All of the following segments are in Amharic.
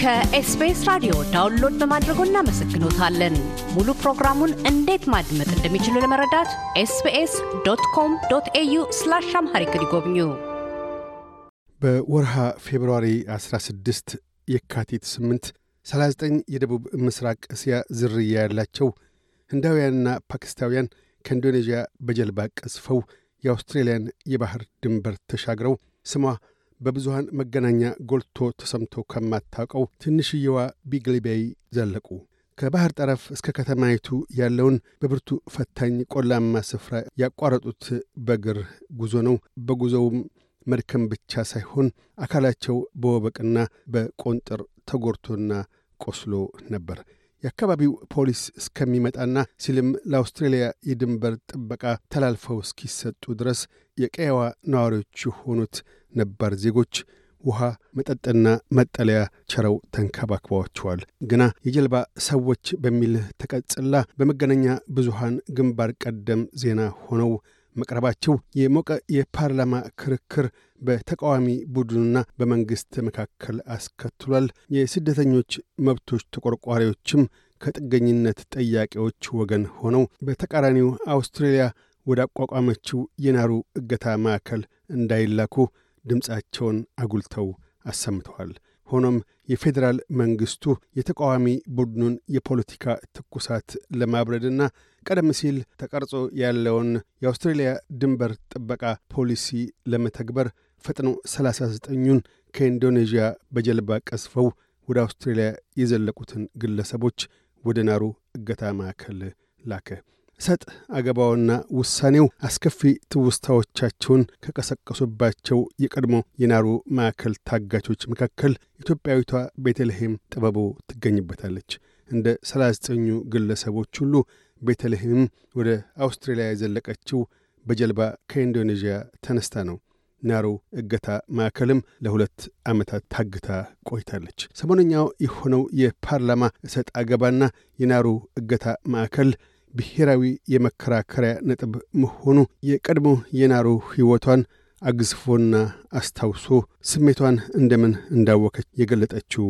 ከኤስቢኤስ ራዲዮ ዳውንሎድ በማድረጎ እናመሰግኖታለን። ሙሉ ፕሮግራሙን እንዴት ማድመጥ እንደሚችሉ ለመረዳት ኤስቢኤስ ዶት ኮም ዶት ኤዩ ስላሽ አምሃሪክ ይጎብኙ። በወርሃ ፌብርዋሪ 16 የካቲት 8 39 የደቡብ ምስራቅ እስያ ዝርያ ያላቸው ህንዳውያንና ፓኪስታውያን ከኢንዶኔዥያ በጀልባ ቀዝፈው የአውስትሬልያን የባህር ድንበር ተሻግረው ስሟ በብዙሃን መገናኛ ጎልቶ ተሰምቶ ከማታውቀው ትንሽየዋ ቢግሊ ዘለቁ። ከባህር ጠረፍ እስከ ከተማይቱ ያለውን በብርቱ ፈታኝ ቆላማ ስፍራ ያቋረጡት በእግር ጉዞ ነው። በጉዞውም መድከም ብቻ ሳይሆን አካላቸው በወበቅና በቆንጥር ተጎርቶና ቆስሎ ነበር። የአካባቢው ፖሊስ እስከሚመጣና ሲልም ለአውስትሬልያ የድንበር ጥበቃ ተላልፈው እስኪሰጡ ድረስ የቀየዋ ነዋሪዎች የሆኑት ነባር ዜጎች ውሃ፣ መጠጥና መጠለያ ቸረው ተንከባክበዋቸዋል። ግና የጀልባ ሰዎች በሚል ተቀጽላ በመገናኛ ብዙሃን ግንባር ቀደም ዜና ሆነው መቅረባቸው የሞቀ የፓርላማ ክርክር በተቃዋሚ ቡድኑና በመንግሥት መካከል አስከትሏል። የስደተኞች መብቶች ተቆርቋሪዎችም ከጥገኝነት ጠያቂዎች ወገን ሆነው በተቃራኒው አውስትሬልያ ወደ አቋቋመችው የናሩ እገታ ማዕከል እንዳይላኩ ድምፃቸውን አጉልተው አሰምተዋል። ሆኖም የፌዴራል መንግሥቱ የተቃዋሚ ቡድኑን የፖለቲካ ትኩሳት ለማብረድና ቀደም ሲል ተቀርጾ ያለውን የአውስትሬልያ ድንበር ጥበቃ ፖሊሲ ለመተግበር ፈጥኖ 39ኙን ከኢንዶኔዥያ በጀልባ ቀዝፈው ወደ አውስትሬልያ የዘለቁትን ግለሰቦች ወደ ናሩ እገታ ማዕከል ላከ። ሰጥ አገባውና ውሳኔው አስከፊ ትውስታዎቻቸውን ከቀሰቀሱባቸው የቀድሞ የናሩ ማዕከል ታጋቾች መካከል ኢትዮጵያዊቷ ቤተልሔም ጥበቡ ትገኝበታለች። እንደ 39ኙ ግለሰቦች ሁሉ ቤተልሔም ወደ አውስትሬልያ የዘለቀችው በጀልባ ከኢንዶኔዥያ ተነስታ ነው። ናሩ እገታ ማዕከልም ለሁለት ዓመታት ታግታ ቆይታለች። ሰሞነኛው የሆነው የፓርላማ እሰጥ አገባና የናሩ እገታ ማዕከል ብሔራዊ የመከራከሪያ ነጥብ መሆኑ የቀድሞ የናሩ ሕይወቷን አግዝፎና አስታውሶ ስሜቷን እንደምን እንዳወከች የገለጠችው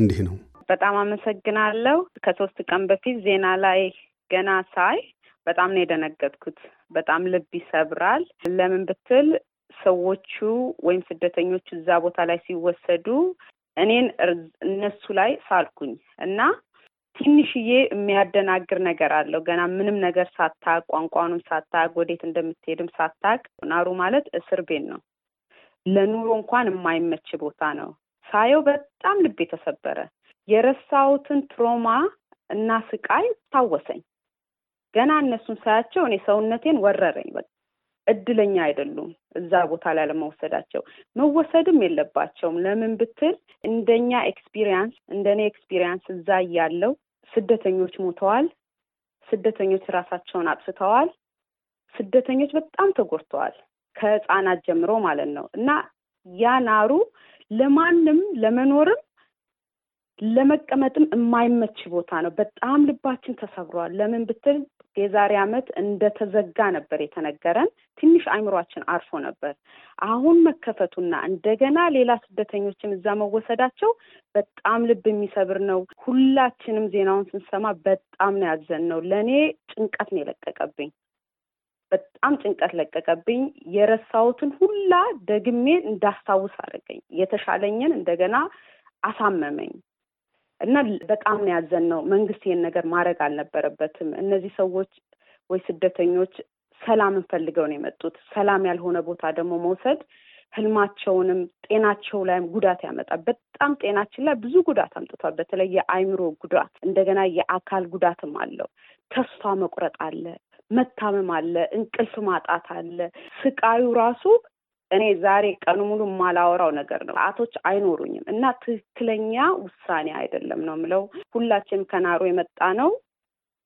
እንዲህ ነው። በጣም አመሰግናለሁ። ከሶስት ቀን በፊት ዜና ላይ ገና ሳይ በጣም ነው የደነገጥኩት። በጣም ልብ ይሰብራል። ለምን ብትል ሰዎቹ ወይም ስደተኞቹ እዛ ቦታ ላይ ሲወሰዱ እኔን እነሱ ላይ ሳልኩኝ እና ትንሽዬ የሚያደናግር ነገር አለው። ገና ምንም ነገር ሳታቅ፣ ቋንቋውንም ሳታቅ፣ ወዴት እንደምትሄድም ሳታቅ። ናሩ ማለት እስር ቤት ነው። ለኑሮ እንኳን የማይመች ቦታ ነው። ሳየው በጣም ልቤ ተሰበረ። የረሳሁትን ትሮማ እና ስቃይ ታወሰኝ። ገና እነሱን ሳያቸው እኔ ሰውነቴን ወረረኝ። በቃ እድለኛ አይደሉም እዛ ቦታ ላይ ለመወሰዳቸው መወሰድም የለባቸውም። ለምን ብትል እንደኛ ኤክስፒሪያንስ እንደኔ ኤክስፒሪያንስ እዛ ያለው ስደተኞች ሞተዋል። ስደተኞች ራሳቸውን አጥፍተዋል። ስደተኞች በጣም ተጎድተዋል፣ ከህፃናት ጀምሮ ማለት ነው። እና ያ ናሩ ለማንም ለመኖርም ለመቀመጥም የማይመች ቦታ ነው። በጣም ልባችን ተሰብሯል። ለምን ብትል የዛሬ ዓመት እንደተዘጋ ነበር የተነገረን። ትንሽ አይምሯችን አርፎ ነበር። አሁን መከፈቱና እንደገና ሌላ ስደተኞችም እዛ መወሰዳቸው በጣም ልብ የሚሰብር ነው። ሁላችንም ዜናውን ስንሰማ በጣም ነው ያዘን ነው። ለእኔ ጭንቀት ነው የለቀቀብኝ። በጣም ጭንቀት ለቀቀብኝ። የረሳሁትን ሁላ ደግሜ እንዳስታውስ አደረገኝ። የተሻለኝን እንደገና አሳመመኝ። እና በጣም ነው ያዘን ነው። መንግስት ይህን ነገር ማድረግ አልነበረበትም። እነዚህ ሰዎች ወይ ስደተኞች ሰላምን ፈልገው ነው የመጡት። ሰላም ያልሆነ ቦታ ደግሞ መውሰድ ህልማቸውንም ጤናቸው ላይም ጉዳት ያመጣል። በጣም ጤናችን ላይ ብዙ ጉዳት አምጥቷል። በተለይ የአይምሮ ጉዳት፣ እንደገና የአካል ጉዳትም አለው። ተስፋ መቁረጥ አለ፣ መታመም አለ፣ እንቅልፍ ማጣት አለ። ስቃዩ ራሱ እኔ ዛሬ ቀኑ ሙሉ የማላወራው ነገር ነው። አቶች አይኖሩኝም እና ትክክለኛ ውሳኔ አይደለም ነው የምለው። ሁላችንም ከናሮ የመጣ ነው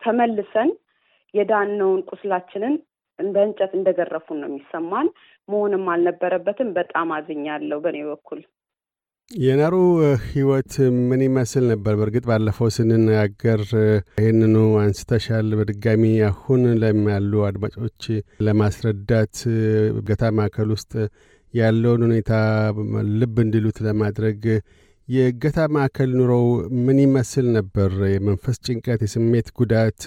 ተመልሰን የዳነውን ቁስላችንን በእንጨት እንደገረፉን ነው የሚሰማን። መሆንም አልነበረበትም። በጣም አዝኛለሁ በእኔ በኩል። የናሩ ህይወት ምን ይመስል ነበር? በእርግጥ ባለፈው ስንነጋገር ይህንኑ አንስተሻል። በድጋሚ አሁን ለሚያሉ አድማጮች ለማስረዳት ገታ ማዕከል ውስጥ ያለውን ሁኔታ ልብ እንዲሉት ለማድረግ የእገታ ማዕከል ኑሮው ምን ይመስል ነበር? የመንፈስ ጭንቀት፣ የስሜት ጉዳት፣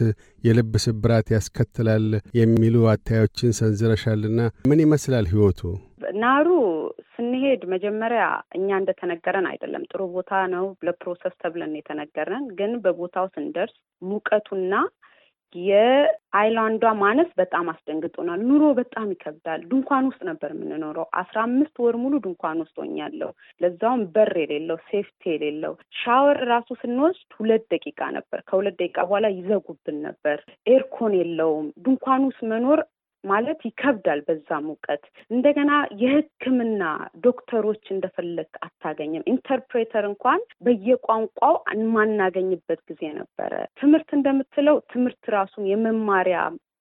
የልብ ስብራት ያስከትላል የሚሉ አታዮችን ሰንዝረሻልና ምን ይመስላል ህይወቱ? ናሩ ስንሄድ መጀመሪያ እኛ እንደተነገረን አይደለም። ጥሩ ቦታ ነው ለፕሮሰስ ተብለን የተነገረን፣ ግን በቦታው ስንደርስ ሙቀቱና የአይላንዷ ማነስ በጣም አስደንግጦናል። ኑሮ በጣም ይከብዳል። ድንኳን ውስጥ ነበር የምንኖረው። አስራ አምስት ወር ሙሉ ድንኳን ውስጥ ሆኛለሁ። ለዛውም በር የሌለው ሴፍቲ የሌለው ሻወር ራሱ ስንወስድ ሁለት ደቂቃ ነበር። ከሁለት ደቂቃ በኋላ ይዘጉብን ነበር። ኤርኮን የለውም። ድንኳን ውስጥ መኖር ማለት ይከብዳል። በዛ ሙቀት እንደገና የሕክምና ዶክተሮች እንደፈለግ አታገኝም። ኢንተርፕሬተር እንኳን በየቋንቋው የማናገኝበት ጊዜ ነበረ። ትምህርት እንደምትለው ትምህርት ራሱን የመማሪያ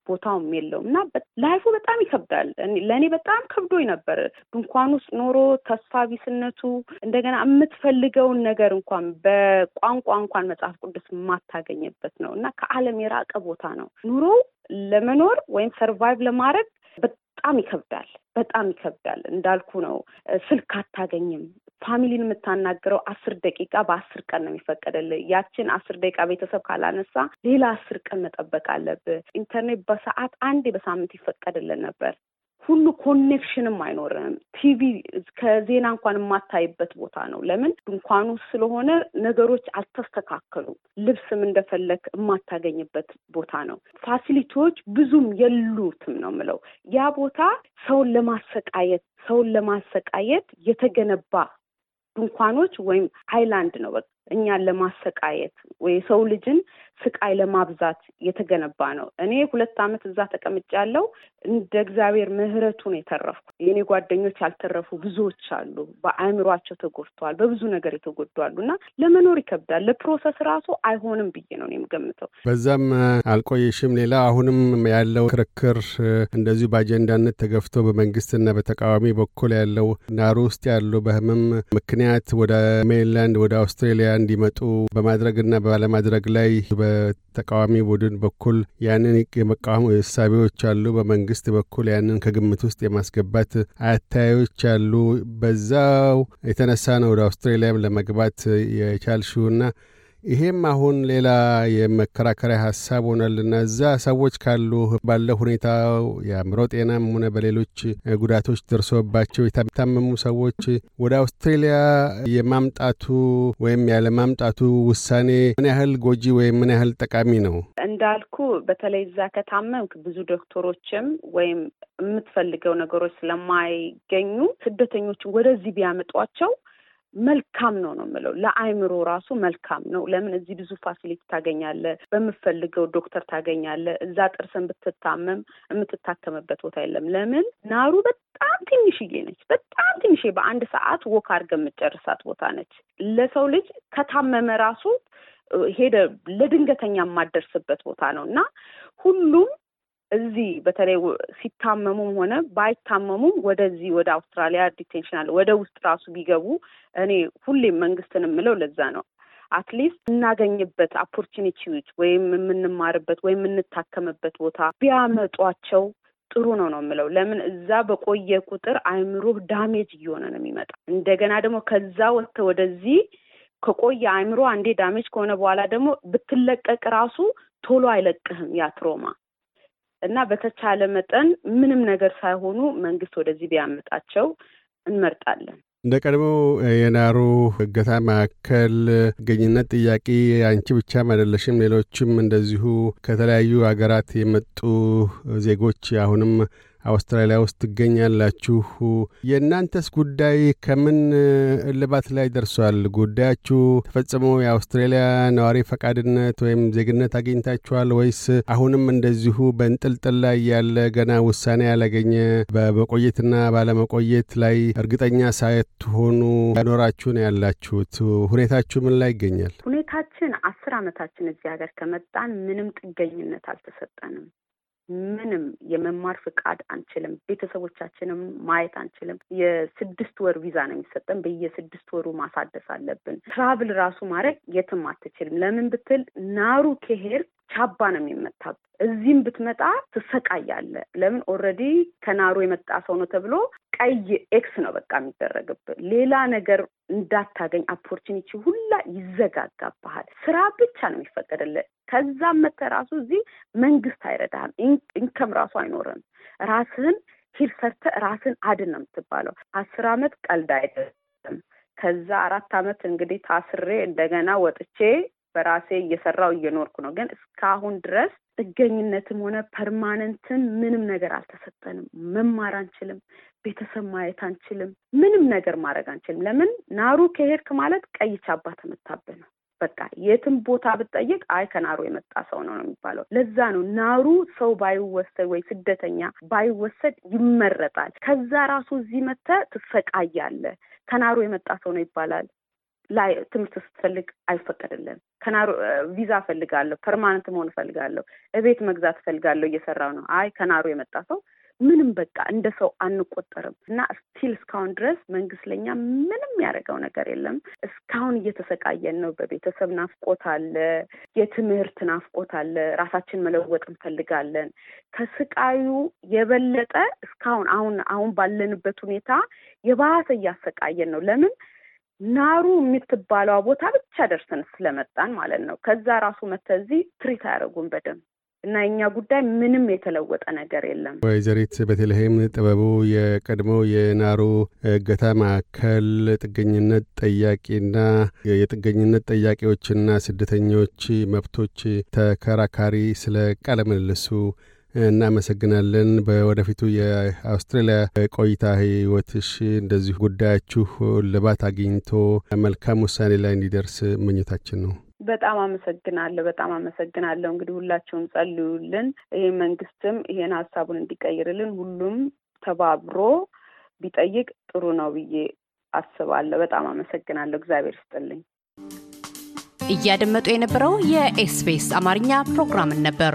ቦታውም የለውም እና ላይፉ በጣም ይከብዳል። ለእኔ በጣም ከብዶኝ ነበር። ድንኳን ውስጥ ኖሮ ተስፋ ቢስነቱ እንደገና የምትፈልገውን ነገር እንኳን በቋንቋ እንኳን መጽሐፍ ቅዱስ የማታገኝበት ነው እና ከዓለም የራቀ ቦታ ነው ኑሮው ለመኖር ወይም ሰርቫይቭ ለማድረግ በጣም ይከብዳል። በጣም ይከብዳል። እንዳልኩ ነው፣ ስልክ አታገኝም። ፋሚሊን የምታናገረው አስር ደቂቃ በአስር ቀን ነው የሚፈቀደልህ። ያችን አስር ደቂቃ ቤተሰብ ካላነሳ ሌላ አስር ቀን መጠበቅ አለብህ። ኢንተርኔት በሰዓት አንዴ በሳምንት ይፈቀድልን ነበር። ሁሉ ኮኔክሽንም አይኖረንም። ቲቪ ከዜና እንኳን የማታይበት ቦታ ነው። ለምን ድንኳኑ ስለሆነ ነገሮች አልተስተካከሉም። ልብስም እንደፈለግ የማታገኝበት ቦታ ነው። ፋሲሊቲዎች ብዙም የሉትም ነው የምለው። ያ ቦታ ሰውን ለማሰቃየት ሰውን ለማሰቃየት የተገነባ ድንኳኖች ወይም ሃይላንድ ነው። እኛን ለማሰቃየት ወይ ሰው ልጅን ስቃይ ለማብዛት የተገነባ ነው። እኔ ሁለት ዓመት እዛ ተቀምጬ ያለው እንደ እግዚአብሔር ምሕረቱን የተረፍኩ የእኔ ጓደኞች ያልተረፉ ብዙዎች አሉ። በአእምሯቸው ተጎድተዋል፣ በብዙ ነገር የተጎዱ አሉ እና ለመኖር ይከብዳል። ለፕሮሰስ ራሱ አይሆንም ብዬ ነው የምገምተው። በዛም አልቆየሽም። ሌላ አሁንም ያለው ክርክር እንደዚሁ በአጀንዳነት ተገፍቶ በመንግስትና በተቃዋሚ በኩል ያለው ናሩ ውስጥ ያሉ በህመም ምክንያት ወደ ሜንላንድ ወደ አውስትሬሊያ እንዲመጡ በማድረግና ባለማድረግ ላይ በተቃዋሚ ቡድን በኩል ያንን የመቃወም እሳቤዎች አሉ። በመንግስት በኩል ያንን ከግምት ውስጥ የማስገባት አታዮች አሉ። በዛው የተነሳ ነው ወደ አውስትራሊያም ለመግባት የቻልሽውና ይሄም አሁን ሌላ የመከራከሪያ ሀሳብ ሆናልና እዛ ሰዎች ካሉ ባለው ሁኔታ የአእምሮ ጤናም ሆነ በሌሎች ጉዳቶች ደርሶባቸው የታመሙ ሰዎች ወደ አውስትሬሊያ የማምጣቱ ወይም ያለማምጣቱ ውሳኔ ምን ያህል ጎጂ ወይም ምን ያህል ጠቃሚ ነው? እንዳልኩ በተለይ እዛ ከታመምክ ብዙ ዶክተሮችም ወይም የምትፈልገው ነገሮች ስለማይገኙ ስደተኞችን ወደዚህ ቢያመጧቸው መልካም ነው ነው የምለው። ለአይምሮ ራሱ መልካም ነው። ለምን እዚህ ብዙ ፋሲሊቲ ታገኛለ፣ በምፈልገው ዶክተር ታገኛለ። እዛ ጥርስን ብትታመም የምትታከምበት ቦታ የለም። ለምን ናሩ በጣም ትንሽዬ ነች። በጣም ትንሽ በአንድ ሰዓት ወክ አድርገን የምጨርሳት ቦታ ነች። ለሰው ልጅ ከታመመ ራሱ ሄደ ለድንገተኛ የማደርስበት ቦታ ነው እና ሁሉም እዚህ በተለይ ሲታመሙም ሆነ ባይታመሙም ወደዚህ ወደ አውስትራሊያ አለ ወደ ውስጥ ራሱ ቢገቡ እኔ ሁሌም መንግስትን የምለው ለዛ ነው። አትሊስት እናገኝበት ኦፖርቹኒቲዎች ወይም የምንማርበት ወይም የምንታከምበት ቦታ ቢያመጧቸው ጥሩ ነው ነው የምለው። ለምን እዛ በቆየ ቁጥር አእምሮህ ዳሜጅ እየሆነ ነው የሚመጣ። እንደገና ደግሞ ከዛ ወጥተ ወደዚህ ከቆየ አይምሮ አንዴ ዳሜጅ ከሆነ በኋላ ደግሞ ብትለቀቅ ራሱ ቶሎ አይለቅህም ያ ትሮማ እና በተቻለ መጠን ምንም ነገር ሳይሆኑ መንግስት ወደዚህ ቢያመጣቸው እንመርጣለን። እንደ ቀድሞ የናሩ እገታ ማዕከል ገኝነት ጥያቄ አንቺ ብቻም አይደለሽም። ሌሎችም እንደዚሁ ከተለያዩ ሀገራት የመጡ ዜጎች አሁንም አውስትራሊያ ውስጥ ትገኛላችሁ። የእናንተስ ጉዳይ ከምን እልባት ላይ ደርሷል? ጉዳያችሁ ተፈጽሞ የአውስትራሊያ ነዋሪ ፈቃድነት ወይም ዜግነት አግኝታችኋል ወይስ አሁንም እንደዚሁ በንጥልጥል ላይ ያለ ገና ውሳኔ ያላገኘ በመቆየትና ባለመቆየት ላይ እርግጠኛ ሳትሆኑ ያኖራችሁ ነው ያላችሁት? ሁኔታችሁ ምን ላይ ይገኛል? ሁኔታችን አስር ዓመታችን እዚህ ሀገር ከመጣን ምንም ጥገኝነት አልተሰጠንም። ምንም የመማር ፍቃድ አንችልም። ቤተሰቦቻችንም ማየት አንችልም። የስድስት ወር ቪዛ ነው የሚሰጠን። በየስድስት ወሩ ማሳደስ አለብን። ትራቭል ራሱ ማድረግ የትም አትችልም። ለምን ብትል ናሩ ከሄድ ቻባ ነው የሚመታው። እዚህም ብትመጣ ትሰቃያለ። ለምን ኦልሬዲ ከናሩ የመጣ ሰው ነው ተብሎ ቀይ ኤክስ ነው በቃ የሚደረግብህ። ሌላ ነገር እንዳታገኝ አፖርቹኒቲ ሁላ ይዘጋጋብሃል። ስራ ብቻ ነው የሚፈቀድልህ። ከዛም መተህ ራሱ እዚህ መንግስት አይረዳህም። ኢንከም ራሱ አይኖርም። ራስህን ሂል ሰርተህ ራስህን አድን ነው የምትባለው። አስር አመት ቀልድ አይደለም። ከዛ አራት አመት እንግዲህ ታስሬ እንደገና ወጥቼ በራሴ እየሰራው እየኖርኩ ነው። ግን እስካሁን ድረስ ጥገኝነትም ሆነ ፐርማነንትን ምንም ነገር አልተሰጠንም። መማር አንችልም። ቤተሰብ ማየት አንችልም። ምንም ነገር ማድረግ አንችልም። ለምን ናሩ ከሄድክ ማለት ቀይ ቻባ ተመታብህ ነው። በቃ የትም ቦታ ብጠይቅ አይ ከናሩ የመጣ ሰው ነው ነው የሚባለው። ለዛ ነው ናሩ ሰው ባይወሰድ ወይ ስደተኛ ባይወሰድ ይመረጣል። ከዛ ራሱ እዚህ መጥተህ ትሰቃያለህ። ከናሩ የመጣ ሰው ነው ይባላል። ላይ ትምህርት ስትፈልግ አይፈቀድልን። ከናሮ ቪዛ ፈልጋለሁ ፐርማነንት መሆን እፈልጋለሁ፣ እቤት መግዛት እፈልጋለሁ፣ እየሰራው ነው። አይ ከናሮ የመጣ ሰው ምንም በቃ እንደ ሰው አንቆጠርም እና ስቲል እስካሁን ድረስ መንግስት ለኛ ምንም ያደረገው ነገር የለም። እስካሁን እየተሰቃየን ነው። በቤተሰብ ናፍቆት አለ፣ የትምህርት ናፍቆት አለ። ራሳችን መለወጥ እንፈልጋለን። ከስቃዩ የበለጠ እስካሁን አሁን አሁን ባለንበት ሁኔታ የባሰ እያሰቃየን ነው። ለምን ናሩ የምትባለዋ ቦታ ብቻ ደርሰን ስለመጣን ማለት ነው። ከዛ ራሱ መተዚ እዚህ ትሪት አያደርጉም በደንብ እና የእኛ ጉዳይ ምንም የተለወጠ ነገር የለም። ወይዘሪት ቤተልሔም ጥበቡ የቀድሞ የናሩ እገታ ማዕከል ጥገኝነት ጠያቂና የጥገኝነት ጠያቂዎችና ስደተኞች መብቶች ተከራካሪ፣ ስለ ቃለ ምልልሱ እናመሰግናለን። በወደፊቱ የአውስትራሊያ ቆይታ ህይወትሽ እንደዚሁ ጉዳያችሁ ልባት አግኝቶ መልካም ውሳኔ ላይ እንዲደርስ ምኞታችን ነው። በጣም አመሰግናለሁ። በጣም አመሰግናለሁ። እንግዲህ ሁላቸውም ጸልዩልን። ይህ መንግስትም ይሄን ሀሳቡን እንዲቀይርልን ሁሉም ተባብሮ ቢጠይቅ ጥሩ ነው ብዬ አስባለሁ። በጣም አመሰግናለሁ። እግዚአብሔር ስጥልኝ። እያደመጡ የነበረው የኤስቢኤስ አማርኛ ፕሮግራምን ነበር።